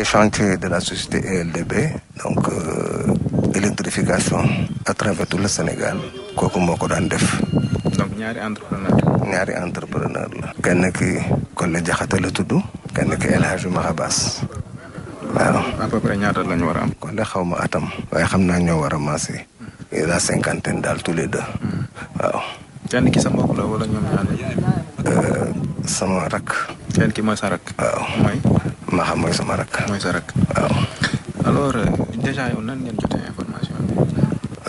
les chantiers de la société ELDB, donc euh, électrification à travers tout le Sénégal. il y ko des def. Il y a des entrepreneurs. Il y a des collègues qui ont été en train de se faire. Il y a des ñaata qui ont été en train de des ma qui ont été en train de se faire. il a cinquantaine daal tous les deux. en train de se faire. Il y a des sama qui ont été en train de se faire. Maxa mooy sama rakk. mooy sa rakk waaw. alors euh, déjà yow nan ngeen jotee information bi.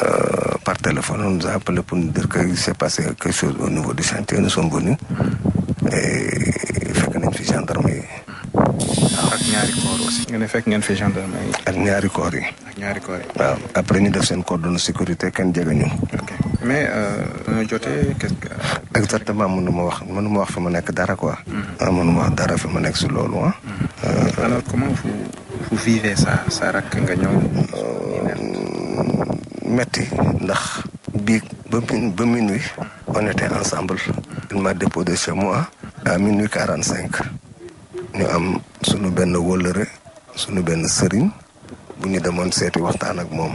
Euh, par téléphone on nous a appelé dire que il s'est passé quelque chose au niveau du chantier nous sommes venus. Mm-hmm. et fekk nañ fi gendarme yi. Ah, ak ñaari corps fekk ngeen fi gendarme yi. ak ñaari koor yi. ñaari corps waaw après ñu def seen cordon de sécurité kenn jege ñu. mais euh, nga jotee qu'est-ce que. exactement mënu ma wax mënu ma wax fi ma nekk dara quoi. Mm-hmm. Ah, mënu ma wax dara fi ma nekk si loolu ah. Euh, alors comment vous vous vivez ça sa rakk nga ñëw. Euh, metti ndax. bii ba ba minuit. on était ensemble. il m'a déposé chez moi. à minuit quarante cinq. ñu am suñu benn wëllëre sunu benn sëriñ. bu ñu demoon seeti waxtaan ak moom.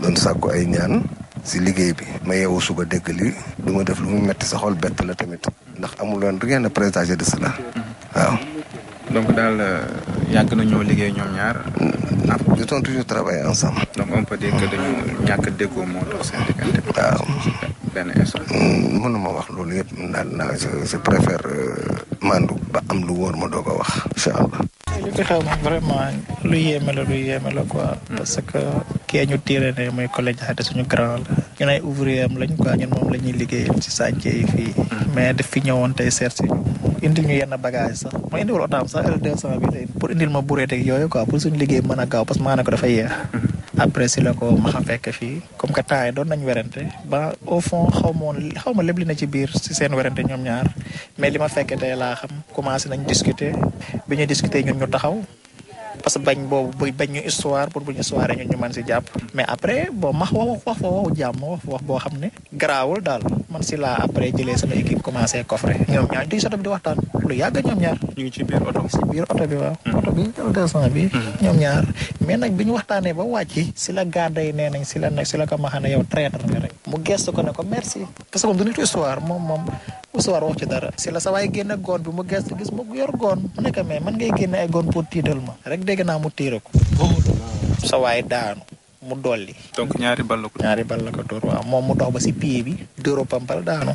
doon sàkku ay ñaan. si liggéey bi ma yeewu suba dégg lii du ma def lu mu metti sa xol bett la tamit ndax amul woon rien à présager de cela waaw donc daal euh, yàgg na ñoo liggéey ñoom ñaar. Mm, ils ont toujours travaillé ensemble. donc on peut dire que dañu a déggoo moo tax seen diggante. waaw benn instant. Mm, wax loolu yëpp daal naa je euh, am lu wóor ma doog a wax incha allah. li xew moom vraiment lu yéeme la lu yéeme la quoi. parce que kee ñu tiire ne muy collège Jaxate suñu grand la. ñun ay ouvrier am lañ quoi ñun moom la ñuy liggéeyal ci sànce fii. Mm. mais daf fi ñëwoon tey seet si indi ñu yenn bagage sax ma indiwul otaam sax pour indil ma bureet yooyu quoi pour suñu liggéey mën a gaaw parce que maa ne ko dafa yeex mm-hmm. après si la ko ma fekk fii comme que temps doon nañ werante ba au fond xaw ma woon xaw ma lépp li na ci biir si seen werante ñoom ñaar mais li ma fekkee tey laa xam commencé nañ discuter bi ñu discuter ñun ñu taxaw pas que bañ boobu bañ ñu histoire pour bu ñu histoire ñu ñu man ci japp mais après bo ma wax wax wax wax jàmm wax wax bo xamné grawul dal man ci la après jëlé sama équipe commencé coffre ñom ñaar di soto di waxtaan lu yag ñom ñaar ñu ci biir auto ci biir auto bi waaw auto hmm. hmm. bi ñu dal sama bi ñom ñaar mais nak biñu waxtané ba wacc ci la garda yi nee nañ si la nak ci la ko maxane yow traître nga rek mu gestu ko ne ko merci parce que moom du nitu histoire mom mom musu war wax ci dara si la sa waay génne goon bi mu gëstu gis mu yor goon mu nekk mais man ngay génne ay goon pour tiital ma rek dégg naa mu téere ko sa waay daanu mu dolli. donc ñaari bal la ko. ñaari bal la ko dóor waaw moom mu dox ba si pied bi dóoroo pampal daanu.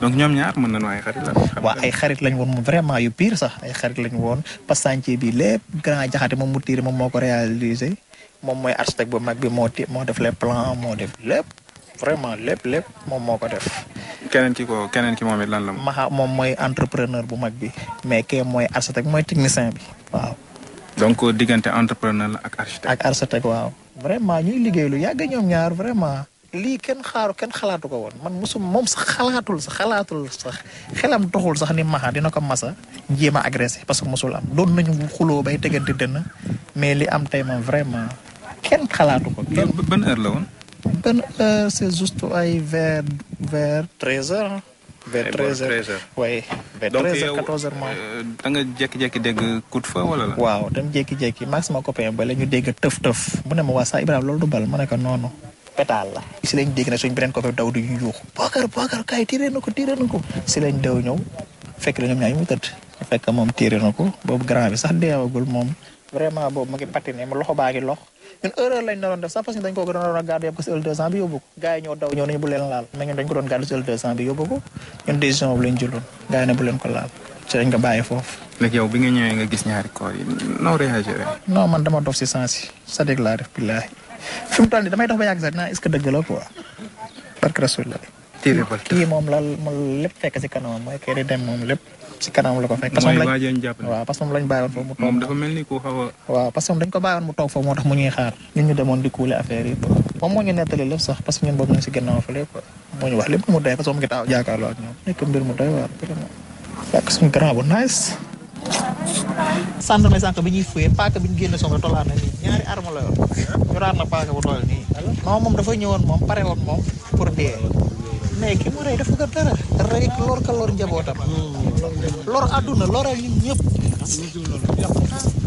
donc ñoom ñaar mën nañu ay xarit ay xarit lañ woon vraiment yu pire sax ay xarit lañ woon parce que chantier bi lépp grand jaxate moom mu tiire moom moo ko réalisé moom mooy architecte bu mag bi moo ti moo def les plans moo def lépp vraiment lépp lépp moom moo ko def. keneen ki ko keneen ki moom it lan la. Maxa moom mooy entrepreneur bu mag bi mais kee mooy architecte mooy technicien bi waaw. donc diggante entrepreneur la ak architecte. ak architecte waaw. vraiment ñuy liggéey lu yàgg ñoom ñaar vraiment. lii kenn xaaru kenn xalaatu ko woon man mosum moom sax xalaatul sax xalaatul sax xelam doxul sax ni maxa dina ko masa njéem a agressé parce que mosul am doon nañu xuloo bay tegante na mais li am tey vraiment kenn xalaatu ko. kenn ban la woon. ban heure c'est juste ay ver vers eh, treize heures vers treize heures waaye vers treize quatorze heures moom euh, da nga jékki-jékki dégg coup de wala la. waaw dam jékki-jékki max ma copain ba ñu dégg tëf tëf. mu ne ma waa sax Ibrahima loolu du bal ma ne ko noonu. pétale la ci lañ dégg nag suñ beneen copain daw du yuuxu bokar bokar kay tiré nako tiré nako ci lañ daw ñëw fekk la ñom ñay mu tëdd fekk mom tiré nako bobu grand bi sax déwagul mom vraiment bobu ma ngi patiné mu loxo baagi lox ñun erreur lañ na doon def sax parce que dañ ko gën a garder ko ci 200 bi yóbbu gaay ñoo daw ñoo ñu bu leen laal ma ngi dañ ko doon garder ci 200 bi yóbbu ko ñun décision bu lañ jëlul gaay yi ne bu leen ko laal ci lañ nga bàyyi fofu nek yow bi nga ñëwé nga gis ñaari koor yi no réagiré non man dama dof ci sens yi sadik laa def billahi fim mu toll damay dox ba yàgg sax naa est-ce que dëgg la quoi barke rasulillah kii moom la moom lépp fekk si kanamam mooy kii di dem moom lépp ci kanam la ko fekk. mooy waajoon jàpp waaw parce que moom lañ bàyyiwoon foofu mu toog moom dafa mel ni ku xaw a. waaw parce que dañ ko bàyyiwoon mu toog foofu moo tax mu ñuy xaar. nit ñu demoon di kuule affaire yi quoi. moom moo ñu nettali lépp sax parce que ñun boobu ñu ngi si gannaaw fële quoi. moo ñu wax lépp mu doy parce que moom ngi taaw jaakaarloo ak ñoom. nekk mbir mu doy waar vraiment. fekk suñu grand bu nice. gendarme sànq bi ñuy fuyee paaka bi ñu génn soog a tolaar na nii ñaari arme la yor ñu raar na paaka bu toll nii non moom dafa ñëwoon moom pare woon moom pour dee mais ki mu rey dafa ko dara rey lor ka lor njabootam hmm. lor àdduna loral ñun ñëpp